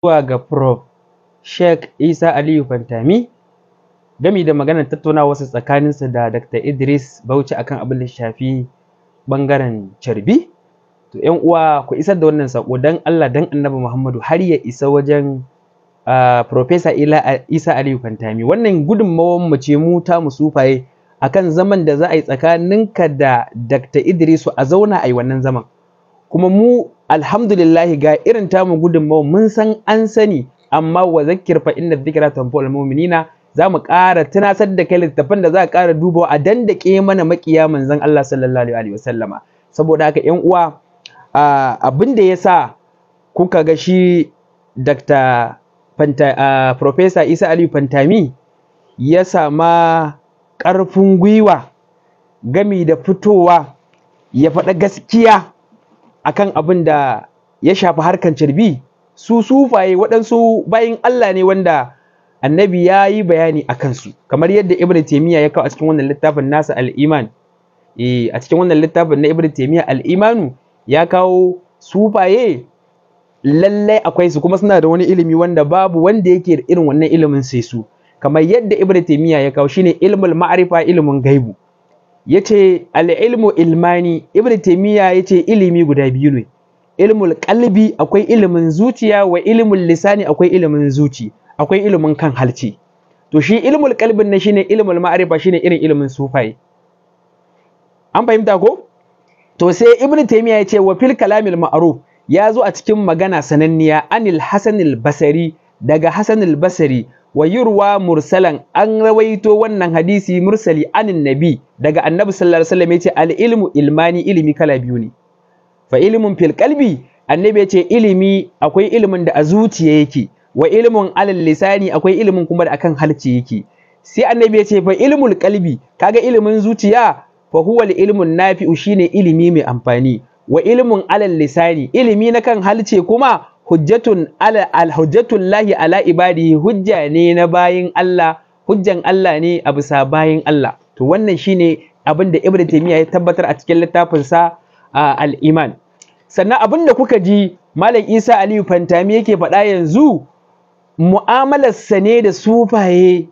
zuwa ga Prof. Sheikh Isa Aliyu Fantami gami da maganar tattaunawarsa tsakaninsa da Dr. Idris Bauchi akan abin da shafi bangaren carbi. To ‘yan uwa ku isar da wannan saƙo don Allah don Annabi Muhammadu har ya isa wajen Profesa Isa Aliyu Fantami. Wannan gudunmawar mu ce mu ta mu sufaye akan zaman da za a yi tsakaninka da Dr. Idrisu a zauna a yi wannan zaman. Kuma mu alhamdulillahi ga irin tamu gudunmawa mun san an sani amma wa zakir fa inna dhikra tanfa'ul mu'minina za mu ƙara tunasar da kai littafin da za a ƙara dubawa a dandake mana makiya manzon Allah sallallahu alaihi wasallama saboda haka ƴan uwa abin da yasa kuka ga shi Dr. Fanta, Professor Isa Aliyu Fantami ya sama ƙarfin gwiwa gami da fitowa ya faɗa gaskiya akan abin da ya shafi harkan cirbi su sufaye waɗansu bayin Allah ne wanda annabi ya yi bayani a kansu kamar yadda ibn taimiyya ya kawo a cikin wannan littafin nasa al'iman eh, a cikin wannan littafin na ibn taimiyya al'imanu ya kawo sufaye lallai akwai su kuma suna da wani ilimi wanda babu wanda yake irin wannan ilimin sai su kamar yadda ibn taimiyya ya kawo shine ilmul ma'arifa ilimin gaibu yace al-ilmu ilmani ibnu taymiya yace ilimi guda biyu ne ilmul qalbi akwai ilimin zuciya wa ilimin lisani akwai ilimin zuci akwai ilimin kan halci to shi ilmul qalbin ne shine ilmul ma'arifa shine irin ilimin sufai an fahimta ko to sai ibnu ya ce wa fil kalamil ma'ruf ya zo a cikin magana sananniya anil hasanil basari daga hasanil basari wa yurwa mursalan an rawaito wannan hadisi mursali anin nabi daga annabi sallallahu alaihi wasallam yace al ilmu ilmani ilimi kala biyu ne fa ilmun fil qalbi annabi yace ilimi akwai ilimin da a zuciya yake wa ilmun alal lisani akwai ilimin kuma da akan halci yake sai annabi yace fa ilmul qalbi kaga ilimin zuciya fa huwa al ilmun nafi'u shine ilimi mai amfani wa ilmun alal lisani ilimi na kan halce kuma hujjatun ala lahi ala ibadihi hujja ne na bayin Allah hujjan Allah ne a bisa bayin Allah to wannan shine abin da Ibn Taymiyyah ya tabbatar a cikin littafin sa al-Iman sannan abin da kuka ji Malam Isa Aliyu Fantami yake faɗa yanzu sa ne da sufaye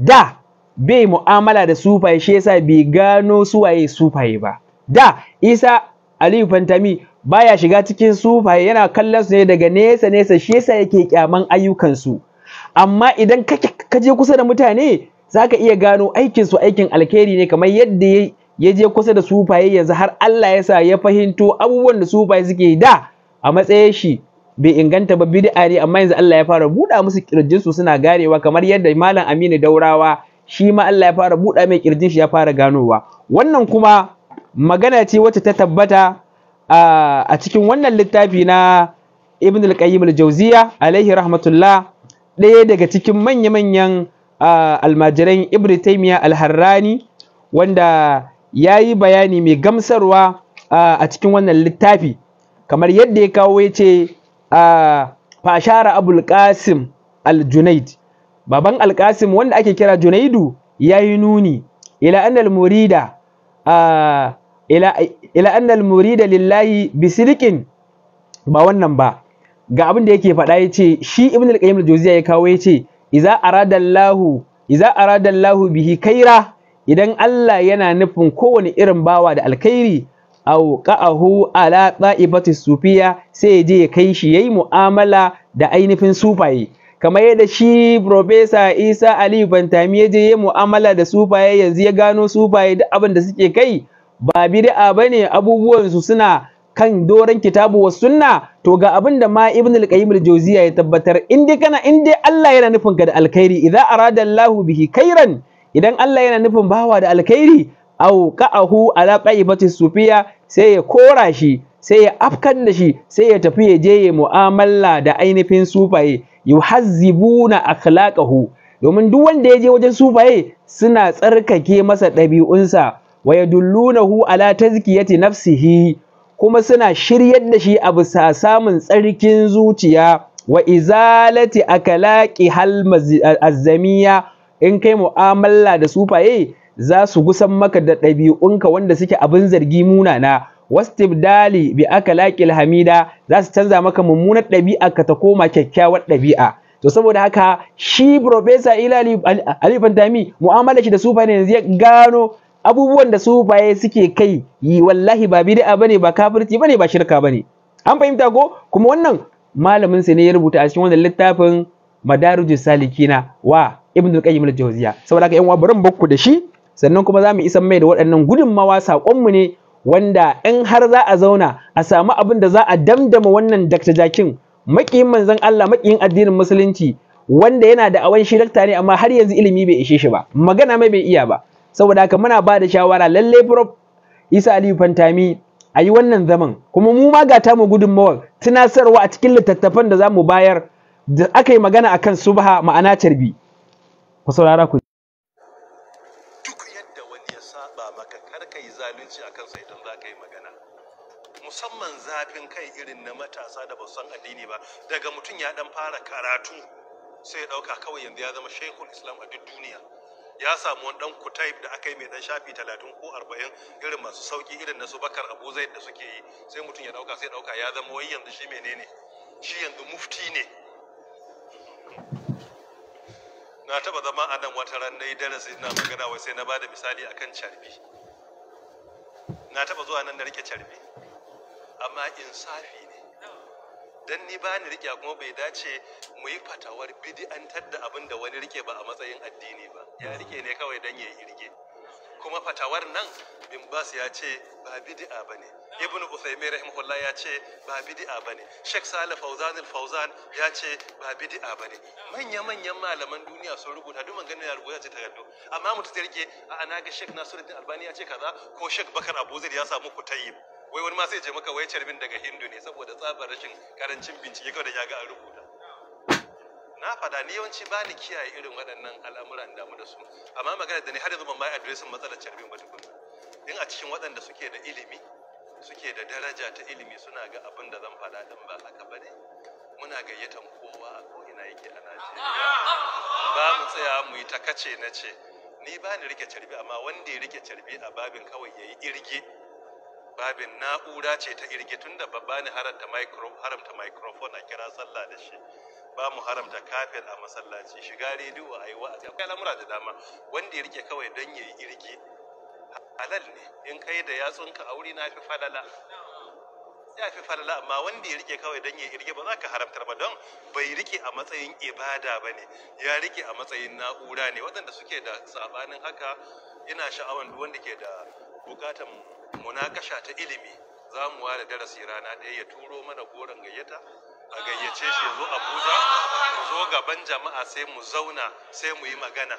da bai mu'amala da sufaye shi yasa bai gano suwaye sufaye ba da Isa Aliyu Fantami baya shiga cikin sufaye yana kallon su ne daga nesa nesa shi yasa yake kyaman ayyukansu. amma idan ka je kusa da mutane zaka iya gano aikin su aikin alkhairi ne kamar yadda ya je kusa da sufaye yanzu har Allah ya sa ya fahimto abubuwan da sufaye suke da a matsayin shi bai inganta ba bid'a ne amma yanzu Allah ya fara buɗa musu kirjin su suna garewa kamar yadda malam Aminu Daurawa shi ma Allah ya fara buɗa mai kirjin shi ya fara ganowa wannan kuma magana ce wacce ta tabbata a cikin wannan littafi na ibn al-qayyim al-jawziya alaihi rahmatullah ɗaya daga cikin manya-manyan almajiran ibn taymiya al-harrani wanda ya yi bayani mai gamsarwa a cikin wannan littafi kamar yadda ya kawo ya ce fashara abul qasim al-junaid baban al-qasim wanda ake kira junaidu ya yi nuni ila annal murida ila al murida lillahi bisirikin ba wannan ba ga abin da yake faɗa yace shi ibn al-qayyim al-jawziya ya kawo yace idza arada Allahu idza arada Allahu bihi kaira idan Allah yana nufin kowane irin bawa da alkhairi aw qa'ahu ala ta'ibati sufiya sai ya je ya kai shi yayi mu'amala da ainihin sufaye kamar yadda shi Profesa Isa Aliyu Bantami ya je ya mu'amala da sufaye yanzu ya gano sufaye duk abin da suke kai ba bid'a bane abubuwan su suna kan doran kitabu was sunna to ga abin da ma ibn al-qayyim al-jawziya ya tabbatar in dai kana in Allah yana nufin ka da alkhairi idza arada Allah bihi khairan idan Allah yana nufin bawa da alkhairi au qa'ahu ala qaibati sufiya sai ya kora shi sai ya afkan da shi sai ya tafi ya je ya mu'amala da ainihin sufaye yuhazzibuna akhlaqahu domin duk wanda ya je wajen sufaye suna tsarkake masa ɗabi'unsa wa yadullunahu ala tazkiyati nafsihi kuma suna shiryar da shi a bisa samun tsarkin zuciya wa izalati akalaki hal azzamiya in kai mu'amala da sufaye za su gusan maka da ɗabi'unka wanda suke abin zargi munana wastibdali bi akalaqil hamida za su canza maka mummunar ɗabi'a ka ta koma kyakkyawar ɗabi'a to saboda haka shi professor Ilali alifantami mu'amala shi da sufaye yanzu ya gano abubuwan da su baye suke kai yi wallahi ba bid'a bane ba kafirci bane ba shirka bane an fahimta ko kuma wannan malamin sa ne ya rubuta a cikin wannan littafin madarijus salikina wa ibn al-qayyim al-jawziya saboda haka yan uwa bari bakku da shi sannan kuma za mu isan mai da waɗannan gudunmawa sakon mu ne wanda in har za a zauna a samu abin da za a damdama wannan Dr. Jakin makiyin manzon Allah makiyin addinin musulunci wanda yana da awan shi dakta ne amma har yanzu ilimi bai ishe shi ba magana mai bai iya ba saboda haka muna ba da shawara lallai prof isa aliyu fantami a yi wannan zaman kuma mu ma ga mu gudunmawar tunasarwa a cikin littattafan da za mu bayar da aka yi magana akan subha ma'ana carbi ku saurara ku duk yadda wani ya saba maka kar ka yi zalunci akan sai dan za ka yi magana musamman zafin kai irin na matasa da ba san addini ba daga mutum ya dan fara karatu sai ya dauka kawai yanzu ya zama shekul islam a duk duniya ya samu wani dan kutayib da aka yi mai dan shafi 30 ko 40 irin masu sauki irin na su bakar abu zaid da suke yi sai mutum ya dauka sai dauka ya zama wai yanzu shi menene shi yanzu mufti ne na taba zama a nan wata ran nayi darasi ina magana wai sai na bada misali akan charbi na taba zuwa nan na rike charbi amma insafi dan ni ba ni rike kuma bai dace mu yi fatawar bid'antar da abin da wani rike ba a matsayin addini ba ya rike ne kawai dan yayi rike kuma fatawar nan bin bas ya ce ba bid'a bane ibnu usaymin rahimahullah ya ce ba bid'a bane sheikh salih fauzan al fauzan ya ce ba bid'a bane manya manyan malaman duniya sun rubuta duk maganar ya rubuta ce ta takardu amma mutu ta rike a ana ga sheikh nasiruddin albani ya ce kaza ko shek bakar abuzir ya samu kutayib wai wani ma sai je maka wai carbin daga hindu ne saboda tsabar rashin karancin bincike kawai da ya ga an rubuta na fada ni yawanci ba ni kiyaye irin waɗannan al'amuran damu da su amma magana da ni har yanzu ban ma adiresin matsalar carbin ba tukuna in a cikin waɗanda suke da ilimi suke da daraja ta ilimi suna ga abin da zan fada dan ba haka ba muna gayyatan kowa a ko'ina yake a najeriya ba mu tsaya mu yi ta kace na ce ni ba ni rike carbi amma wanda ya rike carbi a babin kawai ya yi irge babin na'ura ce ta irge tun da babba ne haramta microphone a kira sallah da shi ba mu haramta kafin a masallaci shiga rediyo a yi wa'azi akwai lamura da dama wanda ya rike kawai don ya yi irge halal ne in kai da yatsunka a wuri na fi falala ya fi falala amma wanda ya rike kawai don ya irge ba za ka haramtar ba don bai rike a matsayin ibada ba ne ya rike a matsayin na'ura ne waɗanda suke da sabanin haka ina sha'awan wanda ke da bukatar munakasha ta ilimi za mu ware darasi rana ɗaya ya turo mana goron gayyata a gayyace shi ya zo abuja mu zo gaban jama'a sai mu zauna sai mu yi magana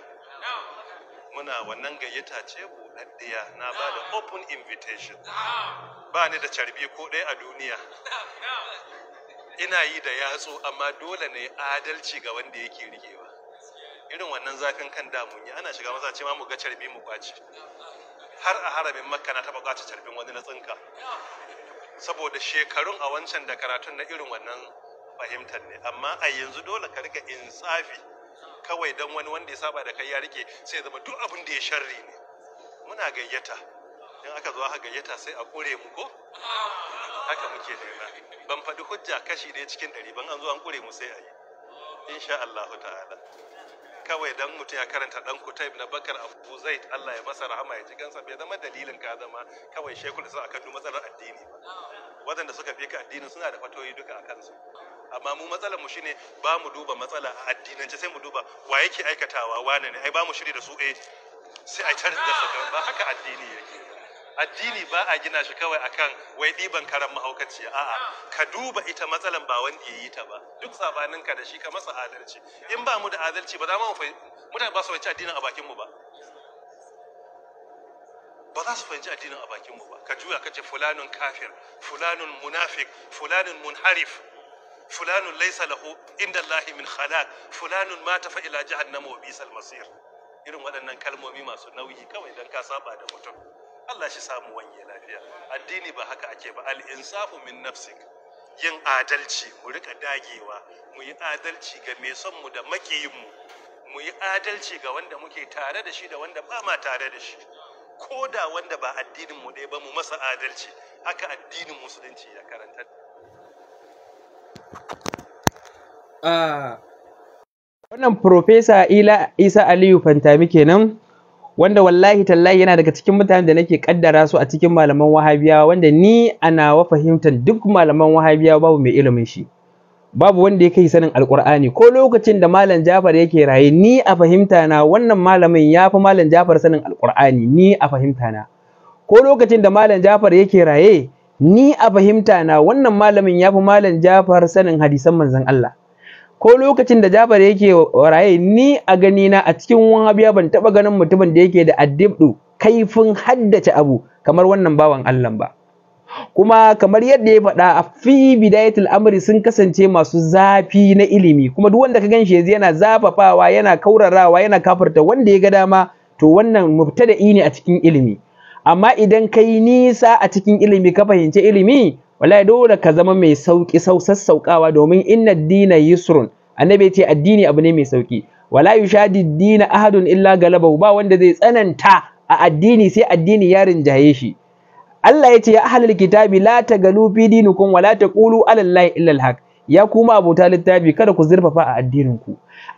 muna wannan gayyata ce buɗaɗɗiya na ba da open invitation ba ni da carbi ko ɗaya a duniya ina yi da yatsu amma dole ne adalci ga wanda yake rikewa irin wannan zafin kan damun yi ana shiga masa ce ma mu ga carbi mu kwaci har a haramin makka na taɓa carbin wani na tsinka saboda shekarun a wancan da karatun na irin wannan fahimtar ne amma a yanzu dole ka riga insafi kawai don wani wanda ya saba da kai ya rike sai zama duk abin da ya sharri ne muna gayyata in aka zo aka gayyata sai a kure mu ko haka muke nema ban faɗi hujja kashi ɗaya cikin ɗari ban an zo an kure mu sai a yi insha Allah ta'ala kawai dan mutum ya karanta dan kutaib na bakar abu zai Allah ya masa rahama ya ji kansa bai zama dalilin ka zama kawai shekul isa akan du matsalar addini ba wadanda suka fi ka addini suna da fatoyi duka a kansu amma mu matsalar mu shine ba mu duba matsala a addinance sai mu duba wa yake aikatawa wane ne ai ba mu shiri da su eh sai a tarin da ba haka addini yake addini ba a gina shi kawai akan wai ɗiban karan mahaukaci a'a ka duba ita matsalan ba wanda ya yi ta ba duk sabanin ka da shi ka masa adalci in ba mu da adalci ba za mu mutane ba su fahimci addinin a bakin mu ba ba za su fahimci addinin a bakin mu ba ka juya ka ce fulanun kafir fulanun munafik fulanun munharif fulanun laisa lahu inda Allahi min khalaq fulanun mata fa ila jahannama wa bisal masir irin waɗannan kalmomi masu nauyi kawai don ka saba da mutum Allah shi samu wanye lafiya addini ba haka ake ba al-insafu min nafsik yin adalci mu rika dagewa mu yi adalci ga mai son mu da makiyin mu mu yi adalci ga wanda muke tare da shi da wanda ba ma tare da shi ko da wanda ba addinin mu dai ba mu masa adalci haka addinin musulunci ya karanta ah. wannan professor Ila Isa Aliyu Fantami kenan wanda wallahi tallahi yana daga cikin mutanen da nake kaddara su a cikin malaman wahabiyawa wanda ni ana wa fahimtar duk malaman wahabiyawa babu mai ilimin shi babu wanda ya kai sanin alkur'ani ko lokacin da malam jafar yake raye ni a fahimta na wannan malamin ya fi malam jafar sanin alkur'ani ni a fahimta na ko lokacin da malam jafar yake raye ni a fahimta na wannan malamin ya fi malam jafar sanin hadisan manzon Allah ko lokacin da Jafar yake raye ni a gani na a cikin wahabiya ban taba ganin mutumin da yake da addibdu kaifin haddace abu kamar wannan bawan Allah ba kuma kamar yadda ya faɗa a fi bidayatul amri sun kasance masu zafi na ilimi kuma duk wanda ka ganshi yanzu yana zafafawa yana kaurarawa yana kafarta wanda ya ga dama to wannan mubtada'i ne a cikin ilimi amma idan kai nisa a cikin ilimi ka fahimci ilimi wallahi dole ka zama mai sauki sau sassaukawa domin inna dina yusrun annabi ya ce addini abu ne mai sauki wala yushadi dina ahadun illa galabahu ba wanda zai tsananta a addini sai addini ya rinjaye shi Allah ya ce ya ahlul kitabi la tagalu fi dinikum wala taqulu ala llahi illa alhaq ya kuma abota littafi kada ku zurfafa a addinin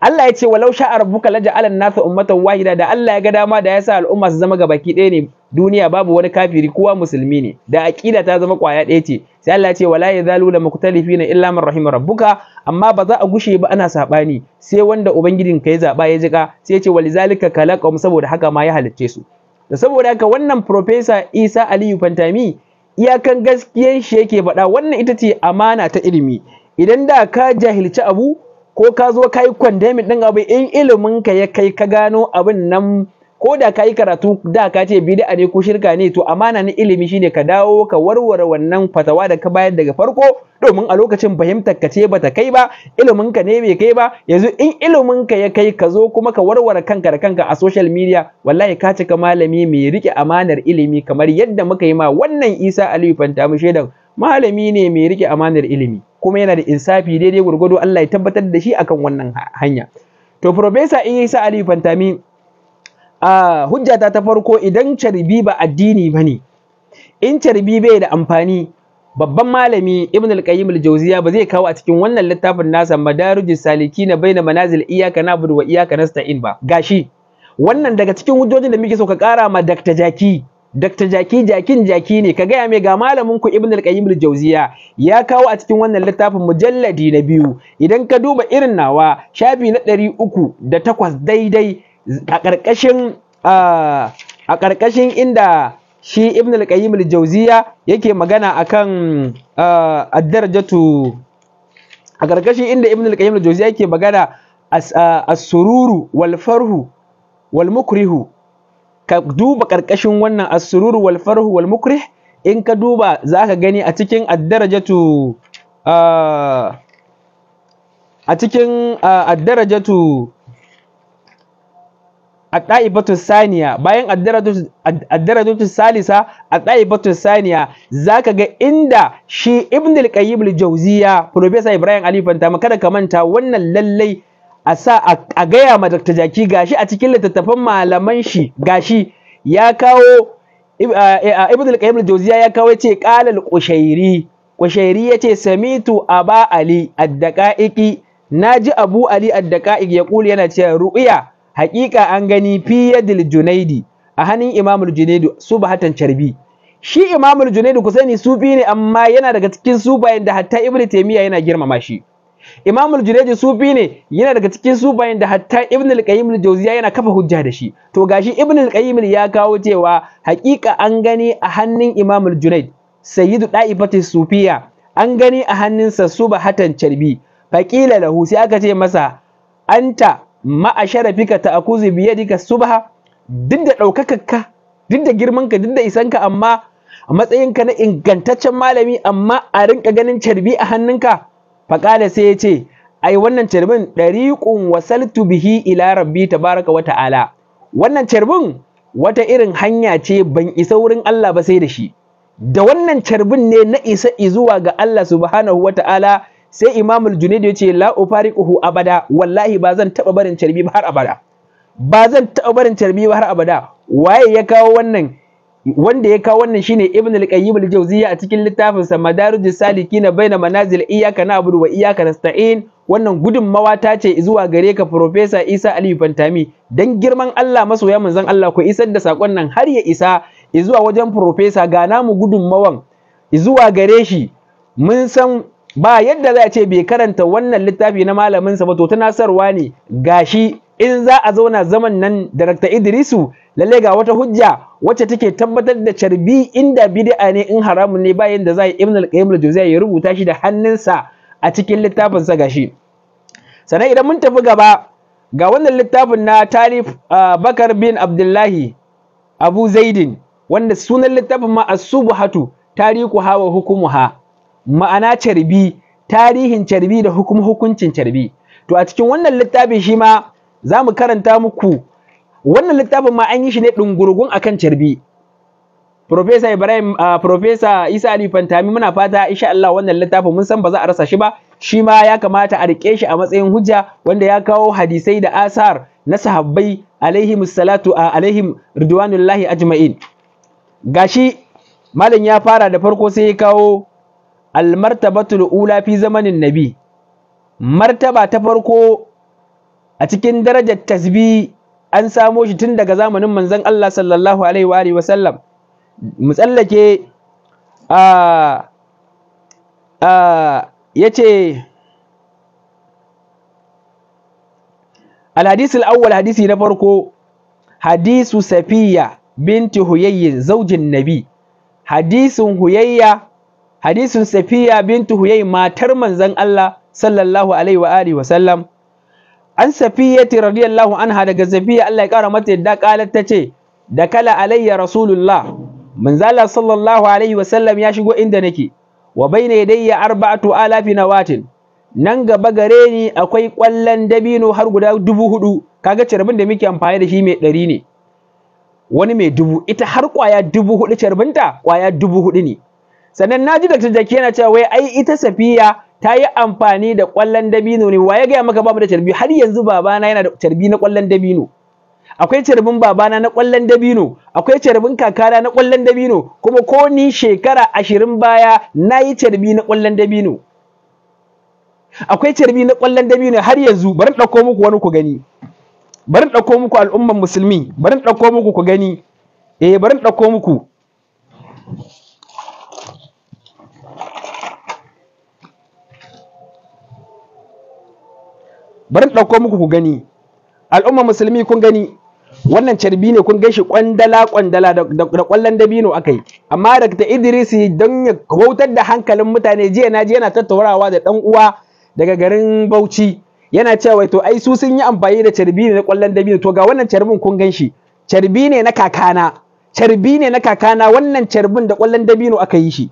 Allah ya ce walau sha'a rabbuka laja'ala an-nasa ummatan wahida da Allah ya ga dama da ya sa al'umma su zama gabaki ɗaya ne duniya babu wani kafiri kowa musulmi ne da aqida ta zama kwaya ɗaya ce sai Allah ya ce wala yazalu la muktalifina illa man rahima rabbuka amma ba za a gushe ba ana sabani sai wanda ubangijin ka ya zaba ya jika sai ya ce walizalika mu saboda haka ma ya halicce su da saboda haka wannan professor Isa Aliyu Fantami iyakan gaskiyar shi yake faɗa wannan ita ce amana ta ilimi idan da ka jahilci abu ko ka zo ka yi kwandemin ɗin abu in ilimin ka ya kai ka gano abin nan ko da ka yi karatu da ka ce bid'a ne ko shirka ne to amana na ilimi shine ka dawo ka warware wannan fatawa da ka bayar daga farko domin a lokacin fahimtar ka ce bata kai ba ilimin ka ne bai kai ba yanzu in ilimin ka ya kai ka zo kuma ka warware kanka da kanka a social media wallahi ka cika malami mai rike amanar ilimi kamar yadda muka yi ma wannan Isa Aliyu Fantamu shedan malami ne mai rike amanar ilimi kuma yana da insafi daidai gurgudu Allah ya tabbatar da shi akan wannan hanya to Profesa Isa Aliyu Fantami a hujjata ta farko idan carbi ba addini ba ne in carbi bai da amfani babban malami ibn al-qayyim al-jawziya ba zai kawo a cikin wannan littafin nasa madarijus salikina baina manazil iyyaka na'budu wa iyyaka nasta'in ba gashi wannan daga cikin hujjojin da muke so ka kara ma Dr. Jaki Dr. Jaki jakin jaki ne ka gaya mai ga malamin ku Ibn al-Qayyim al-Jawziya ya kawo a cikin wannan littafin mujalladi na biyu idan ka duba irin nawa shafi na ɗari uku da takwas daidai a ƙarƙashin a ƙarƙashin inda shi ibn al-qayyim al-jawziya yake magana akan ad-darajatu a ƙarƙashin inda ibn al-qayyim al-jawziya yake magana as-sururu wal farhu wal mukrihu ka duba ƙarƙashin wannan as-sururu wal farhu wal mukrih in ka duba zaka gani a cikin ad-darajatu a cikin ad-darajatu atai batu saniya bayang adara dutu salisa atai batu saniya zaka ga inda shi ibn al qayyim ibrahim ali fanta maka da kamanta wannan lallai a sa a gaya ya dr jaki gashi a cikin littafin malaman shi gashi ya kawo ibn ya kawo yace qal al qushairi qushairi yace samitu aba ali ad daqaiqi naji abu ali ad daqaiqi ya kuli yana cewa ru'ya haƙiƙa an gani fi yadil junaidi a hannun imamul junaidi hatan carbi. shi imamul junaidi ku sani sufi ne amma yana daga cikin sufayen da hatta ibnu taymiya yana girmama shi imamul junaidi sufi ne yana daga cikin sufayen da hatta ibnu al-qayyim al-jawziya yana kafa hujja da shi to gashi ibnu al-qayyim ya kawo cewa haƙiƙa an gani a hannun imamul junaid sayyidu da'ifati sufiya an gani a hannunsa su ba hatan carbi. faqila lahu sai aka ce masa anta ma'a sharafika akuzi bi dika subha duk da ɗaukakarka duk da girmanka duk da isanka amma a matsayinka na ingantaccen malami amma a rinka ganin carbi a hannunka faƙala sai ya ce ai wannan carbin ɗariƙun wasaltu bihi ila rabbi tabaraka wa ta'ala wannan carbin wata irin hanya ce ban isa wurin Allah ba sai da shi da wannan carbin ne na isa izuwa ga Allah subhanahu wa ta'ala sai imamul junaid ya ce la ufariquhu abada wallahi ba zan taba barin carbi har abada ba zan taba barin carbi har abada waye ya kawo wannan wanda ya kawo wannan shine ibn al-qayyim al-jawziyya a cikin littafin sa madarijus salikin baina manazil iyyaka na'budu wa iyyaka nasta'in wannan gudunmawa ta ce zuwa gare ka professor Isa Aliyu Fantami dan girman Allah masoya manzon Allah ku isar da sakon nan har ya isa zuwa wajen professor ga namu gudunmawan zuwa gare shi mun san ba yadda za a ce bai karanta wannan littafi na malaminsa ba to tunasarwa ne gashi in za a zauna zaman nan da Dr. Idrisu lalle ga wata hujja wacce take tabbatar da carbi inda bid'a ne in haramun ne bayan da za a Ibn al-Qayyim al-Jawziyya ya rubuta shi da hannunsa a cikin littafin sa gashi sannan idan mun tafi gaba ga wannan littafin na Talif Bakar bin Abdullahi Abu Zaidin wanda sunan littafin ma as-subhatu tariku hawa hukumuha ma'ana carbi tarihin carbi da hukum hukuncin carbi to a cikin wannan littafin shi ma za mu karanta muku wannan littafin ma an yi shi ne a kan carbi Profesa Ibrahim uh, Profesa Isa Ali Fantami muna fata insha Allah wannan littafin mun san ba za a rasa shi ba shi ma ya kamata a rike shi a matsayin hujja wanda ya kawo hadisai da asar na sahabbai alaihi musallatu a alaihim ridwanullahi ajma'in gashi malam ya fara da farko sai ya kawo almartabatul ula fi zamanin nabi martaba ta farko a cikin darajar tasbi an samo shi tun daga zamanin manzon Allah sallallahu alaihi wa alihi wasallam mu tsallake a a yace الحديث الأول حديثي نفرقو حديث سفية بنت هيي زوج النبي حديث هيي hadisin safiya bintu huyai matar manzon Allah sallallahu alaihi wa alihi wa sallam an safiyati radiyallahu anha daga safiya Allah ya kara mata yadda ta tace da kala alayya rasulullah manzala sallallahu alaihi wa sallam ya shigo inda nake wa baina yadayya arba'atu alafi nawatin nan gaba gare ni akwai kwallon dabino har guda dubu hudu kaga carbin da muke amfani da shi mai ɗari ne wani mai dubu ita har kwaya dubu hudu carbinta kwaya dubu hudu ne sannan naji Dr. Jaki yana cewa wai ai ita Safiya ta yi amfani da ƙwallon dabino ne wa ya gaya maka bamu da carbi har yanzu babana yana da carbi na ƙwallon dabino akwai carbin babana na ƙwallon dabino akwai carbin kakana na ƙwallon dabino kuma ko ni shekara ashirin baya na yi carbi na ƙwallon dabino akwai carbi na ƙwallon dabino har yanzu bari ɗauko muku wani ku gani bari ɗauko muku al'umman musulmi bari ɗauko muku ku gani eh bari ɗauko muku bari in ɗauko muku ku gani al'umma musulmi kun gani wannan carbi ne kun gaishe kwandala kwandala da kwallon dabino akai amma da ta Idrisi don ya kwautar da hankalin mutane jiya na ji yana tattaurawa da dan uwa daga garin Bauchi yana cewa to ai su sun yi amfani da carbi ne na kwallon dabino to ga wannan carbin kun ganshi carbi ne na kakana carbi ne na kakana wannan carbin da kwallon dabino aka yi shi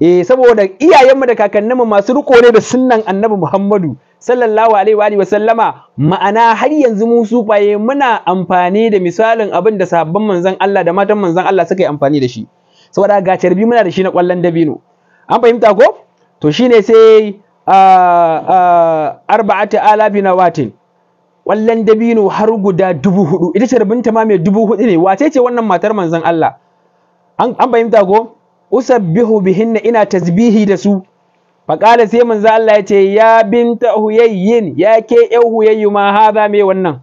eh saboda iyayenmu da kakanninmu masu riko ne da sunnan Annabi Muhammadu sallallahu alaihi wa sallama ma'ana har yanzu mu sufaye muna amfani da misalin abin da sahabban manzon Allah da matan manzon Allah suka yi amfani da shi saboda ga carbi muna da shi na kwallon dabino an fahimta ko to shine sai ah, ah, arba'atu alafi na watin kwallon dabino har guda dubu hudu ita ta ma mai dubu hudu ne wace ce wannan matar manzon Allah an fahimta ko usabbihu bihinna ina tasbihi da su faƙala sai manzo Allah ya ce ya binta huyayyin ya ke ƴan huyayyu ma haza me wannan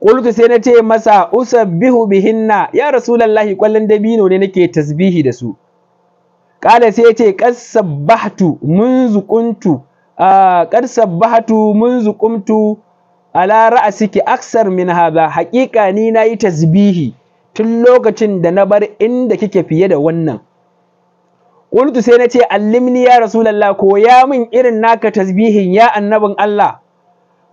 qultu sai na ce masa usabbihu bihinna ya rasulullahi kwallon dabino ne nake tasbihi da su ƙala sai ya ce ƙasabbahtu munzu kuntu ƙasabbahtu munzu kuntu ala ra'siki aksar min hadha haƙiƙa ni nayi tasbihi tun lokacin da na bar inda kike fiye da wannan Kultu sai ce allimni ya rasulullah koya min irin naka tasbihin ya annabin Allah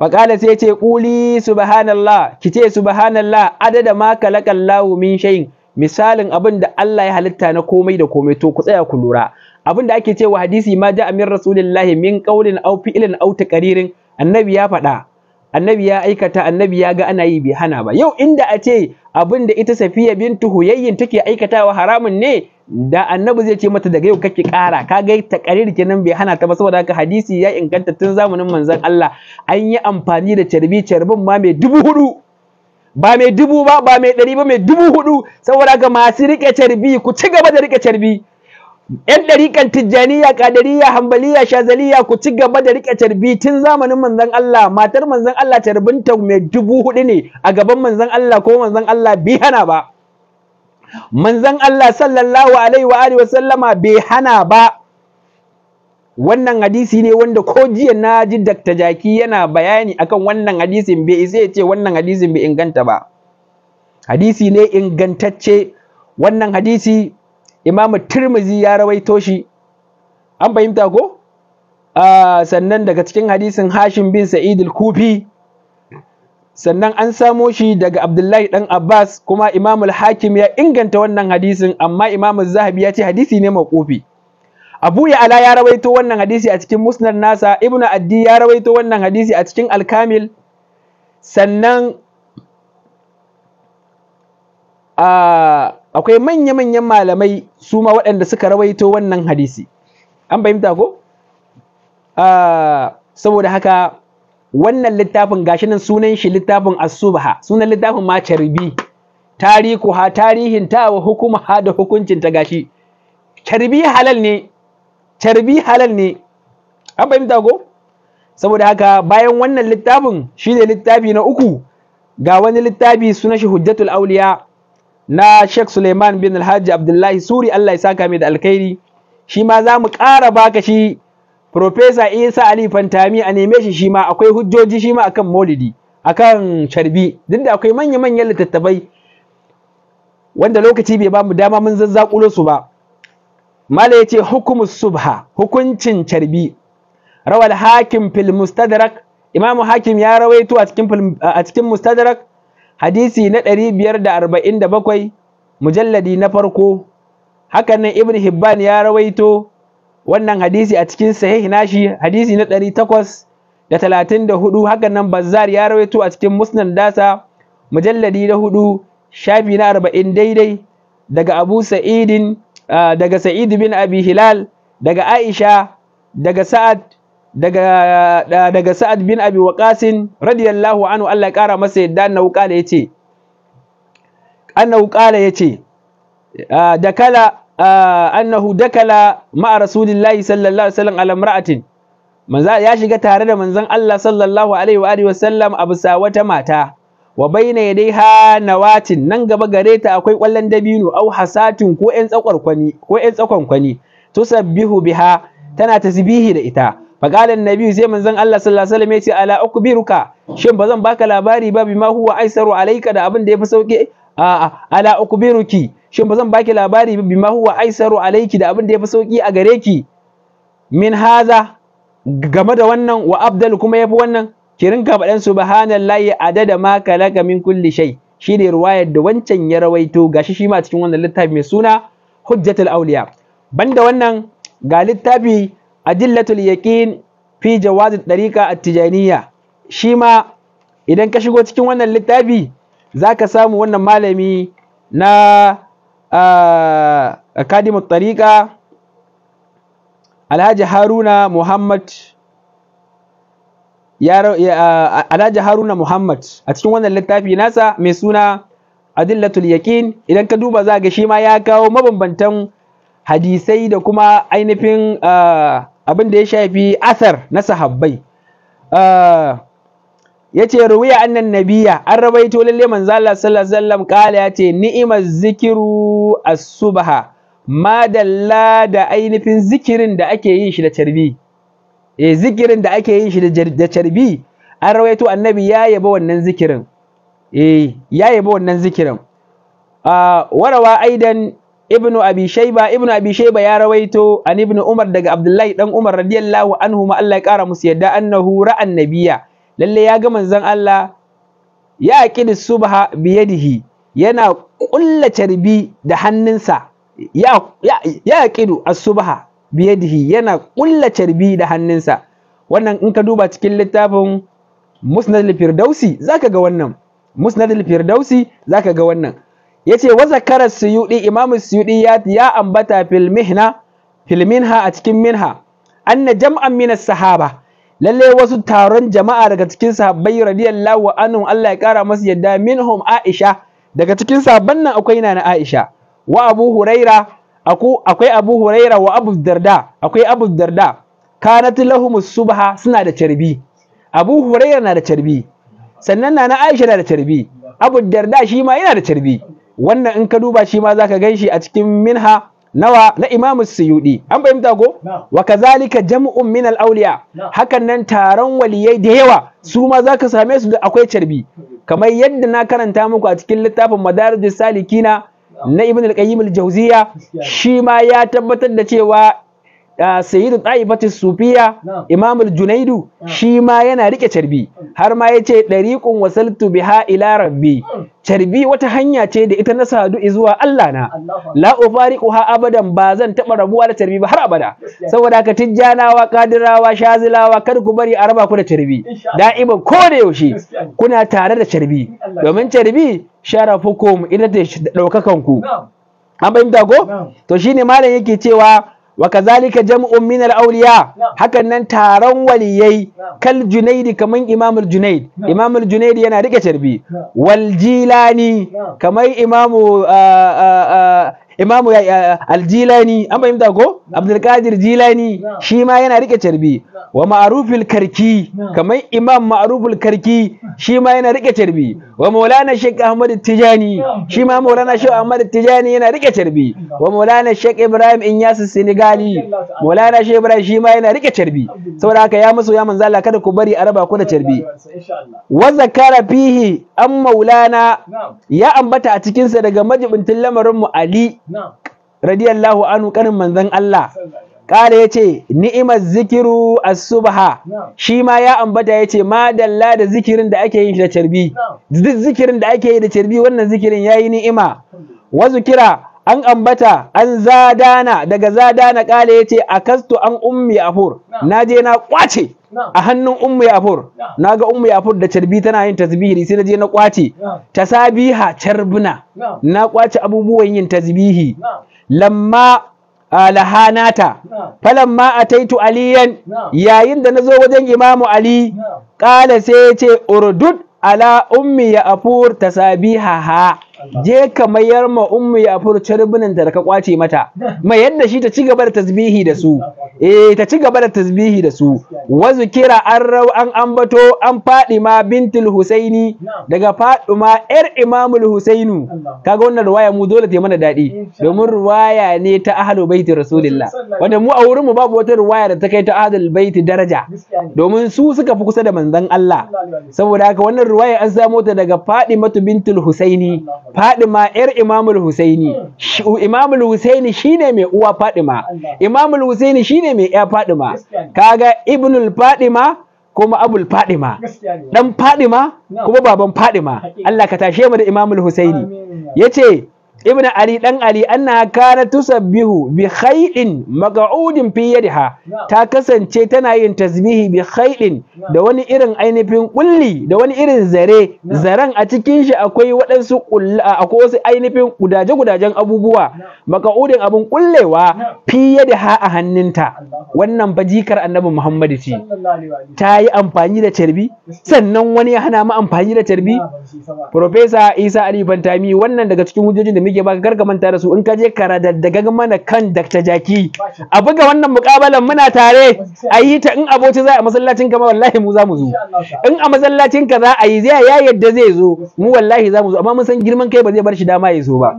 faƙala sai ce ƙuli subhanallah ki ce subhanallah adada ma kalakallahu min shayin misalin abin da Allah ya halitta na komai da komai to ku tsaya ku lura abin da ake cewa hadisi ma ja'a min rasulillahi min ƙaunin aw fi'lin auta ƙaririn, annabi ya faɗa annabi ya aikata annabi ya ga ana yi bai hana ba yau inda a ce abin da ita safiya bintu huyayyin take aikatawa haramun ne da annabi zai ce mata daga yau kake kara ka ga takarir kenan bai hana ta ba saboda haka hadisi ya inganta tun zamanin manzon Allah an yi amfani da carbi carbin ma mai dubu hudu ba mai dubu ba ba mai ɗari ba mai dubu hudu saboda haka masu rike carbi ku ci gaba da rike carbi yan ɗariƙar tijjaniya ƙadariya hambaliya shazaliya ku ci gaba da riƙe tarbi tun zamanin manzon Allah matar manzan Allah tarbinta mai dubu hudu ne a gaban manzan Allah ko manzon Allah bi hana ba manzon Allah sallallahu alaihi wa sallama bai hana ba wannan hadisi ne wanda ko jiya na ji Dr. Jaki yana bayani akan wannan hadisin bai isa ya ce wannan hadisin bai inganta ba hadisi ne ingantacce wannan hadisi imam tirmizi ya rawaito shi an fahimta ko sannan daga cikin hadisin hashim bin sa'id al-kufi sannan an samo shi daga abdullahi dan abbas kuma al hakim ya inganta wannan hadisin amma imamu zahabi ya ce hadisi ne mai abu ya ya rawaito wannan hadisi a cikin musnad nasa ibnu addi ya rawaito wannan hadisi a cikin alkamil sannan a akwai manya-manyan malamai su ma waɗanda suka rawaito wannan hadisi an fahimta ko ah, saboda haka wannan littafin gashi nan sunan shi littafin as-subha sunan littafin ma carbi tariku ha tarihin ta wa hukuma ha da hukuncin ta gashi carbi halal ne carbi halal ne an fahimta ko saboda haka bayan wannan littafin shi ne littafi na uku ga wani littafi sunan shi hujjatul auliya na Sheikh Suleiman bin Alhaji Abdullahi Suri Allah ya saka mai da alkhairi shi ma za mu ƙara baka shi Professor Isa Ali Fantami a neme shi shi ma akwai hujjoji shi ma akan Maulidi akan Sharbi duk da akwai manya manyan littattafai wanda lokaci bai ba mu dama mun zazzakulo su ba Mala yace hukumus subha hukuncin carbi. rawal hakim fil mustadrak Imam Hakim ya rawaito a cikin a cikin mustadrak hadisi na ɗari biyar da da arba'in bakwai, mujalladi na farko hakanan ibn hibban ya rawaito wannan hadisi a cikin sahih nashi hadisi na ɗari takwas da da talatin hudu, hakanan bazzar ya rawaito a cikin Musna'n dasa mujalladi na hudu, shafi na arba'in daidai daga abu sa'idin ah, daga sa'id bin abi hilal daga aisha daga sa'ad daga daga Sa'ad bin Abi Waqasin radiyallahu anhu Allah ya kara masa yadda annahu qala yace annahu qala yace dakala annahu dakala ma'a rasulillahi sallallahu alaihi wasallam ala imra'atin manza ya shiga tare da manzon Allah sallallahu alaihi wa alihi wasallam a bisa wata mata wa baina yadaiha nawatin nan gaba gare ta akwai kwallon dabino au hasatin ko ƴan tsakwarkwani ko ƴan tsakwankwani tusabbihu biha tana tasbihi da ita faqala annabi sai manzon Allah sallallahu ya ce yace ala ukbiruka shin ba zan baka labari ba bima huwa aisaru alayka da abin da yafi sauke a'a ala ukbiruki shin ba zan baki labari ba bima huwa aisaru alayki da abin da yafi sauki a gare ki min haza game da wannan wa abdal kuma yafi wannan ki rinka faɗan subhanallahi adada ma kalaka min kulli shay shine riwayar da wancan ya rawaito gashi shi ma cikin wannan littafi mai suna hujjatul awliya banda wannan ga littafi adillatul yaqin fi dariqa at-tijaniyya shi ma idan ka shigo cikin wannan littafi zaka samu wannan malami na akadimin tariqa alhaji haruna muhammad alhaji haruna muhammad a cikin wannan littafi nasa mai suna adillatul yaqin idan ka duba za ga shi ma ya kawo mabambantan hadisai da kuma ainihin abin da ya shafi asar na sahabbai ah, ya ce ruwiya annan nabiya an rabaito lalle manzo Allah sallallahu alaihi wasallam kala ya ce ni'imar zikiru as-subha dalla da ainifin zikirin da ake yin shi da carbi eh zikirin da ake yin shi da carbi an rawaito annabi ya yaba wannan zikirin eh ya yaba wannan zikirin ah, warawa aidan ibnu abi shayba ibnu abi shayba ya rawaito an ibnu umar daga abdullahi dan umar radiyallahu anhu ma Allah ya kara musu yadda annahu ra'an nabiyya lalle ya ga manzon Allah ya aqidi subha biyadihi yana kulla carbi da hannunsa ya ya aqidu as-subha biyadihi yana kulla carbi da hannunsa wannan in ka duba cikin littafin musnad al-firdausi zaka ga wannan musnad al-firdausi zaka ga wannan yace wa zakara suyudi imamu suyudi ya ya ambata fil mihna fil minha a cikin minha anna jam'an min sahaba lalle wasu taron jama'a daga cikin sahabbai radiyallahu anhum Allah ya kara masu yadda minhum Aisha daga cikin sahabban nan akwai na Aisha wa Abu Huraira akwai Abu Huraira wa Abu Darda akwai Abu Darda kanat lahum subha suna da carbi Abu Huraira na da carbi sannan Nana Aisha na da carbi Abu Darda shi ma yana da carbi wannan in ka duba shi ma zaka gan shi a cikin minha nawa na imamu suyudi an fahimta ko wa kazalika jam'un min al hakan nan taron waliyai da yawa su ma za ka same su da akwai carbi kamar yadda na karanta muku a cikin littafin madarijus salikina na ibn al-qayyim al shi ma ya tabbatar da cewa uh, sayyidu ta'ifatis sufiya imamu junaidu shi ma yana rike carbi har ma ya ce ɗariƙun wasaltu biha ila rabbi carbi wata hanya ce da ita na sadu zuwa Allah na la ufariqu ha abadan ba zan taɓa rabuwa da carbi ba har abada saboda haka tijjanawa kadirawa shazilawa kar ku bari a raba ku da carbi da'iban ko da yaushe kuna tare da carbi domin carbi sharafukum ina da ɗaukakan ku an fahimta ko to shine malam yake cewa wa kazalika jam'un min al-awliya hakan nan taron waliyai kal junaidi kaman imamul junaid imamul junaid yana rike carbi wal jilani kamai imamu ah, ah, ah, imamu aljilani an fahimta ko abdulkadir jilani shi ma yana rike carbi wa ma'rufil karki kamar imam ma'rufil karki shi ma yana rike carbi wa maulana Sheikh ahmad tijani shi ma maulana Sheikh ahmad tijani yana rike carbi wa maulana Sheikh ibrahim inyas senegali maulana Sheikh ibrahim shi ma yana rike carbi saboda haka ya musu ya manzo Allah kada ku bari a raba ku da carbi wa zakara fihi an maulana ya ambata a cikinsa daga majibintin lamarin mu ali radiyallahu Anu, kanin manzon Allah Ƙara ya ce, Ni'imar zikiru asubaha. shi ma ya ambata ya ce, Madalla da zikirin da ake yin da carbi, zikirin da ake yi da carbi wannan zikirin ya yi ni'ima, wazu kira an ambata an zadana daga zadana kala yace akastu an ummi afur je na kwace a hannun ummi afur naga ummi afur da carbi tana yin tasbihi sai je na kwace tasabiha carbuna na kwace abubuwan yin tasbihi lamma lahanata falamma ataitu aliyan yayin da na zo wajen imamu ali kala sai yace urdud ala ummi ya afur ha je ka mayar ma ummu ya furu charbunan da ka kwace mata Mai yadda shi ta ci gaba da tasbihi da su eh ta ci gaba da tasbihi da su wa zikira an raw an ambato an ma bintul husaini daga ma yar imamul husainu kaga wannan ruwaya mu dole ta mana dadi domin ruwaya ne ta ahlul baiti rasulullah wanda mu a wurin mu babu wata ruwaya da ta kai ta ahlul baiti daraja domin su suka fi kusa da manzon Allah saboda haka wannan ruwaya an samo ta daga matu bintul husaini Fadima ‘yar Imamul Husaini, hmm. Imamul Husaini shine mai uwa Fadima, Imamul Husaini shine mai ‘ya Fadima, kaga Ibnul Fadima kuma Abul Fadima, ɗan Fadima kuma baban Fadima, Allah ka tashe mu da Imamul Husaini. yace. ibn ali dan ali anna kana tusabbihu bi khaylin mag'udin fi yadiha ta kasance tana yin tasbihi bi khaylin da wani irin ainihin kulli da wani irin zare zaren a cikin shi akwai waɗansu akwai wasu ainihin gudaje gudajen abubuwa maka'udin abun kullewa fi yadiha a hannunta wannan bajikar annabi muhammad ce ta yi amfani da tarbi? sannan wani ya hana mu amfani da tarbi? professor isa ali bantami wannan daga cikin hujjojin da muke baka ka manta da su in ka je kara daddaga mana kan Dr. Jaki a buga wannan mukabalan muna tare a yi ta in aboci za a masallacin ka ma wallahi mu za mu zo in a masallacin ka za a yi zai ya yadda zai zo mu wallahi za mu zo amma mun san girman kai ba zai bar shi dama ya zo ba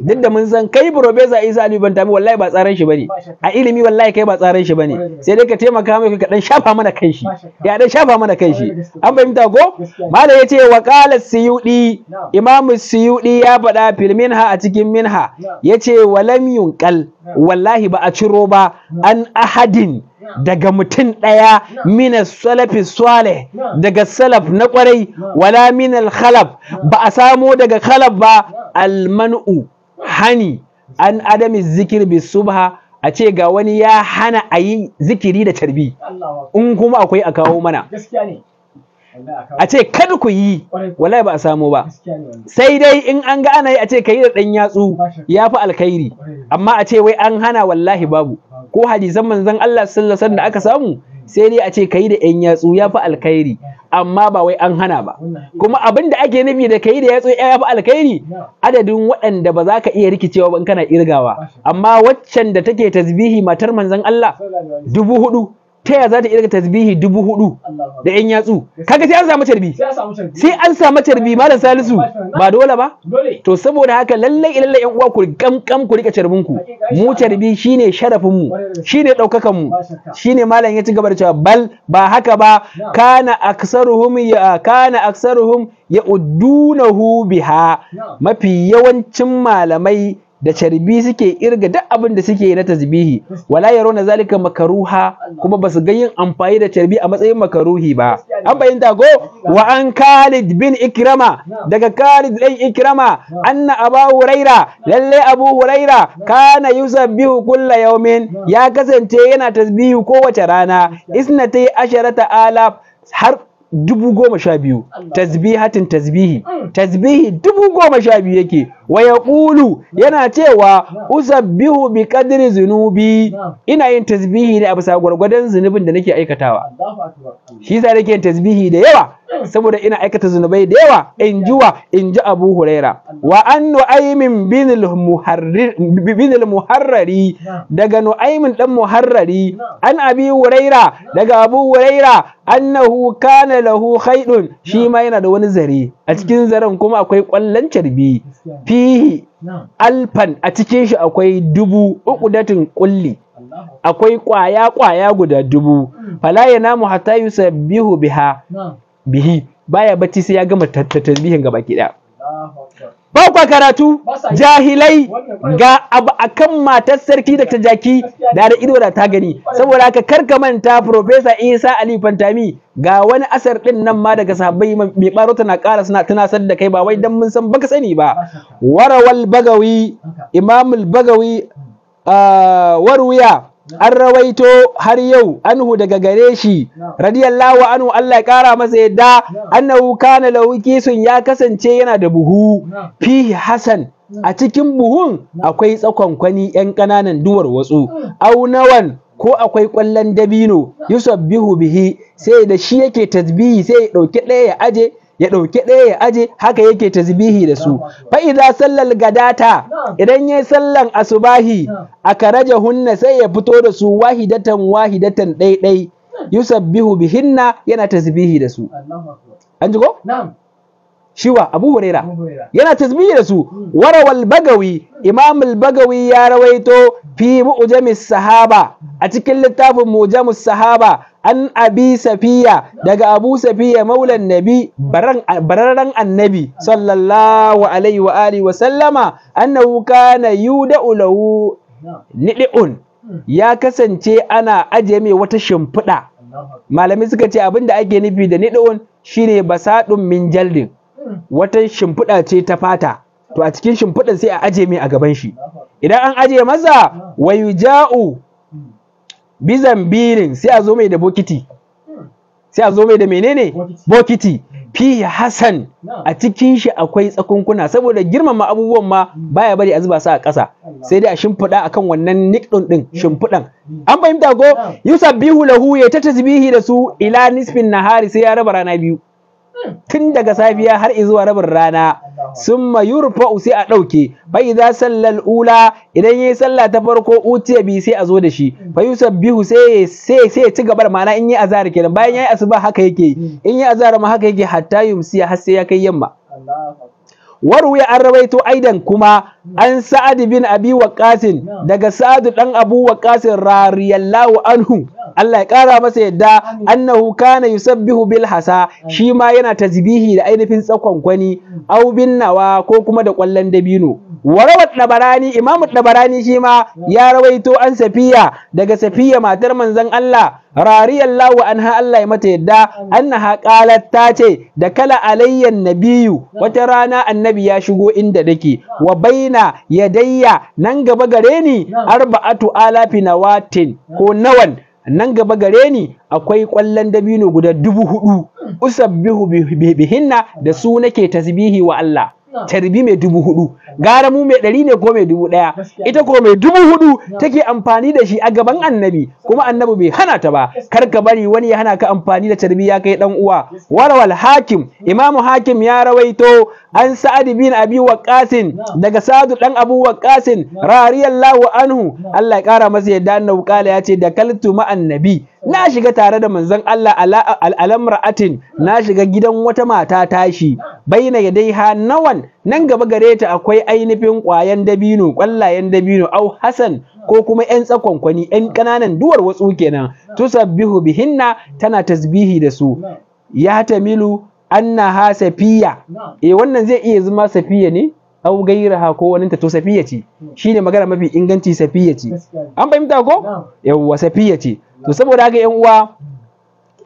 duk da mun san kai Professor Isa Ali Bantami wallahi ba tsaran shi bane a ilimi wallahi kai ba tsaran shi bane sai dai ka taimaka mai ka dan shafa mana kan shi ya dan shafa mana kan shi an fahimta ko malam yace wa qala siyudi imamu siyudi ya faɗa filmi minha a cikin minha yace walam yunqal wallahi ba a ciro ba an ahadin daga mutum ɗaya mina salafi salih daga salaf na ƙwarai wala minal khalaf ba a samo daga khalaf ba almanu hani an adami zikir bi subha a ce ga wani ya hana a yi zikiri da tarbi in kuma akwai a kawo mana a ce kada ku yi wallahi ba a samu ba sai dai in an ga ana yi a ce ka da ɗan yatsu ya fi alkhairi amma a ce wai an hana wallahi babu ko hadisan manzon Allah sallallahu alaihi da aka samu sai dai a ce ka yi da ɗan yatsu ya fi alkhairi amma ba wai an hana ba kuma abin da ake nufi da kai da yatsu ya fi alkhairi adadin waɗanda ba za ka iya rikicewa ba in kana irgawa amma waccan da take tasbihi matar manzon Allah dubu hudu ta za ta iya tasbihi dubu hudu da yan yatsu kaga sai an samu tarbi. sai an samu tarbi. malam salisu ba dole ba to saboda haka lallai lallai yan uwa ku kamkam ku rika carbin ku mu carbi shine sharafin mu shine daukakan mu shine malam ya ci gaba da cewa bal ba haka ba kana aksaruhum ya kana aksaruhum ya udunahu biha mafi yawancin malamai da carbi suke irga duk abin da suke na tasbihi wala yaro na zalika makaruha kuma basu ga yin amfani da carbi a matsayin makaruhi ba an bayyanta ko wa an Khalid bin Ikrama daga Khalid dan Ikrama anna Abu Huraira lalle Abu Huraira kana yusabbihu kulla yawmin ya kasance yana tasbihi kowace rana isnatai asharata alaf har dubu goma sha biyu tasbihatin tasbihi hmm. tasbihi dubu goma sha biyu yake wa ya ƙulu hmm. yana cewa hmm. usabbihu bi kadri zunubi ina yin tasbihi ne a bisa gwargwadon zunubin da nake aikatawa shi yasa nake yin tasbihi da yawa saboda ina aikata zunubai da yawa in ji wa in ji abu huraira wa an nu'aymin binil muharrari daga nu'aymin dan muharrari an abi huraira daga abu huraira annahu kana lahu khaidun shi ma yana da wani zare a cikin zaren kuma akwai kwallon carbi fihi alfan a cikin shi akwai dubu uku datin kulli akwai kwaya kwaya guda dubu fala yana hatta yusabbihu biha bihi baya bacci sai ya gama tasbihin gaba ki daya ba kwa karatu jahilai ga abu akan matar sarki da ta jaki da da ido da ta gani saboda haka karka manta profesa isa ali fantami ga wani asar din nan ma daga sahabbai mai baro tana kara suna tunasar da kai ba wai dan mun san baka sani ba warawal bagawi imamul bagawi ah, waruya an rawaito har yau anhu daga gare shi radiyallahu anhu Allah ya kara masa yadda annahu kana lahu kisun ya kasance yana da buhu fihi hasan a cikin buhun akwai tsakonkwani yan ƙananan duwar watsu nawan, ko akwai ƙwallon dabino yusabbihu bihi sai da shi yake tasbihi sai ya ɗauki ɗaya ya aje ya ɗauki ɗaya ya aje haka yake tasbihi da su fa idza sallal gadata idan yayi sallan asubahi karaja hunna sai ya fito da su wahidatan wahidatan ɗaiɗai yusabbihu bihinna yana tasbihi da su an ji ko shiwa abu huraira yana tasbihi da su warawal bagawi imam bagawi ya rawaito fi mu'jamis sahaba a cikin littafin mu'jamus sahaba an abi safiya daga abu safiya maulan nabi bararren annabi sallallahu alaihi wa alihi wa sallama annahu kana yuda ni'un ya kasance ana ajiye mai wata shimfiɗa Malami suka ce abin da ake nufi da ni'un shine basadun min jaldin wata shimfiɗa ce ta fata to a cikin shimfiɗa sai a ajiye mai a gaban shi idan an ajiye masa wayuja'u bizan birin sai a zo mai da bokiti sai a zo mai da menene bokiti hmm. fi hasan a cikin shi akwai tsakunkuna saboda girmama abubuwan ma hmm. baya bari a zuba su a ƙasa sai dai a shimfiɗa akan wannan nikɗin ɗin hmm. shimfiɗan an fahimta ko yusabbihu lahu ya ta tasbihi da su ila nisfin nahari sai ya raba rana biyu tun daga safiya har zuwa rabin rana sun fa'u sai a ɗauke bai za sallar ula idan yi sallah ta farko utiya bi sai a zo da shi mm. fa bihu sai sai ya ci gaba da ma'ana in yi azhar kenan bayan ya yayi asuba haka yake mm. in yi azhar ma haka yake hatta yumsi har sai ya kai yamma waruya an rawaito aidan kuma an sa'ad bin abi waqasin daga sa'ad dan abu waqasin Rariyallahu anhu Allah ya kara masa yadda annahu kana yusabbihu bil hasa shi ma yana tasbihi da ainihin tsakon kwani au bin nawa ko kuma da ƙwallon dabino warawat dabarani imamu dabarani shi ma ya rawaito an safiya daga safiya matar manzon Allah Rariyallahu anha Allah ya mata yadda annaha qalat ta ce da kala alayyan nabiyu wata rana annabi annabi ya shigo inda nake wa baina yadayya nan gaba gare ni arba'atu alafi nawatin ko nawan nan gaba gare ni akwai ƙwallon dabino guda dubu hudu usabbihu bihinna da su nake tasbihi wa Allah tarbi mai dubu hudu gara mu mai ɗari ne ko mai dubu ɗaya ita ko mai dubu hudu take amfani da shi a gaban annabi kuma annabi bai hana ta ba kar ka bari wani ya hana ka amfani da tarbiya kai ɗan uwa warwal hakim imamu hakim ya rawaito an sa'adi bin abi waqasin daga sa'adu ɗan abu waqasin radiyallahu anhu Allah ya kara masa yadda annabi kala ya ce da kaltu ma annabi na shiga tare da manzon Allah al'amra'atin na shiga gidan wata mata tashi baina ya dai ha nawan nan gaba gare ta akwai ainihin ƙwayan dabino ƙwallayen dabino au hasan ko kuma 'yan tsakonkwani 'yan ƙananan duwar watsu kenan tusabbihu bihinna tana tasbihi da su ya tamilu annaha safiya eh wannan zai iya zama safiya ne au gairaha ko wani to safiya ce shine magana mafi inganci safiya ce an fahimta ko yawwa safiya ce to saboda haka yan uwa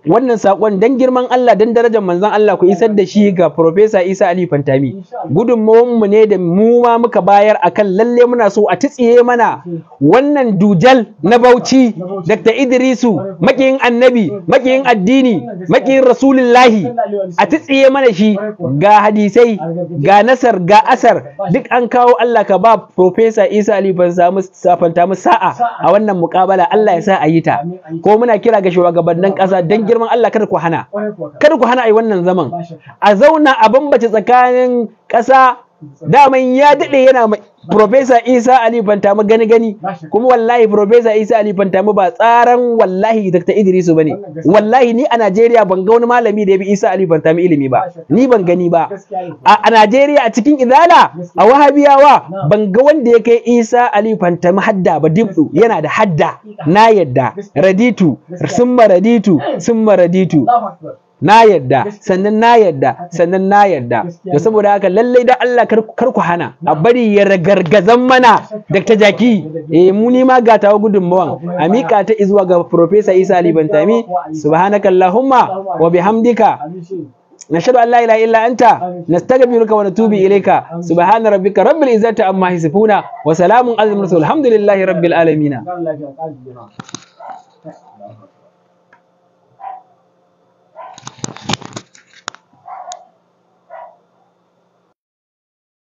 wannan sakon dan girman Allah dan darajar manzon Allah ku isar da shi ga Professor Isa Ali Fantami Gudunmawan mu ne da mu ma muka bayar akan lalle muna so a titsiye mana wannan dujal na Bauchi Dr. Idrisu makiyin annabi makiyin addini makiyin rasulullahi a titsiye mana shi ga hadisai ga nasar ga asar duk an kawo Allah ka ba Professor Isa Ali Fantami sa'a a wannan muƙabala Allah ya sa a yi ta ko muna kira ga shugabannin ƙasa dan girman Allah kada ku hana kada ku hana ai wannan zaman a zauna a bambace tsakanin ƙasa daman ya daɗe yana Profesa Isa Ali Fantami gani gani kuma wallahi Profesa Isa Ali Fantami ba tsaran wallahi Dr. Idris bane wallahi ni a Najeriya ban ga wani malami da ya bi Isa Ali Fantami ilimi ba ni ban gani ba a Najeriya a cikin Izala a Wahabiyawa ban ga wanda ya kai Isa Ali Fantami hadda ba dibdu yana da hadda na yadda raditu summa raditu summa raditu na yadda sannan na yadda sannan na yadda da saboda haka lallai da Allah kar ku hana a bari ya ragargazan mana Dr. Jaki eh mu ni ma ga tawo gudunmawan a mika ta izuwa ga Professor Isa Ali Bantami subhanakallahumma wa bihamdika نشهد أن لا إله إلا أنت نستغفرك ونتوب إليك سبحان ربك رب العزة عما يصفون وسلام على المرسلين الحمد لله رب العالمين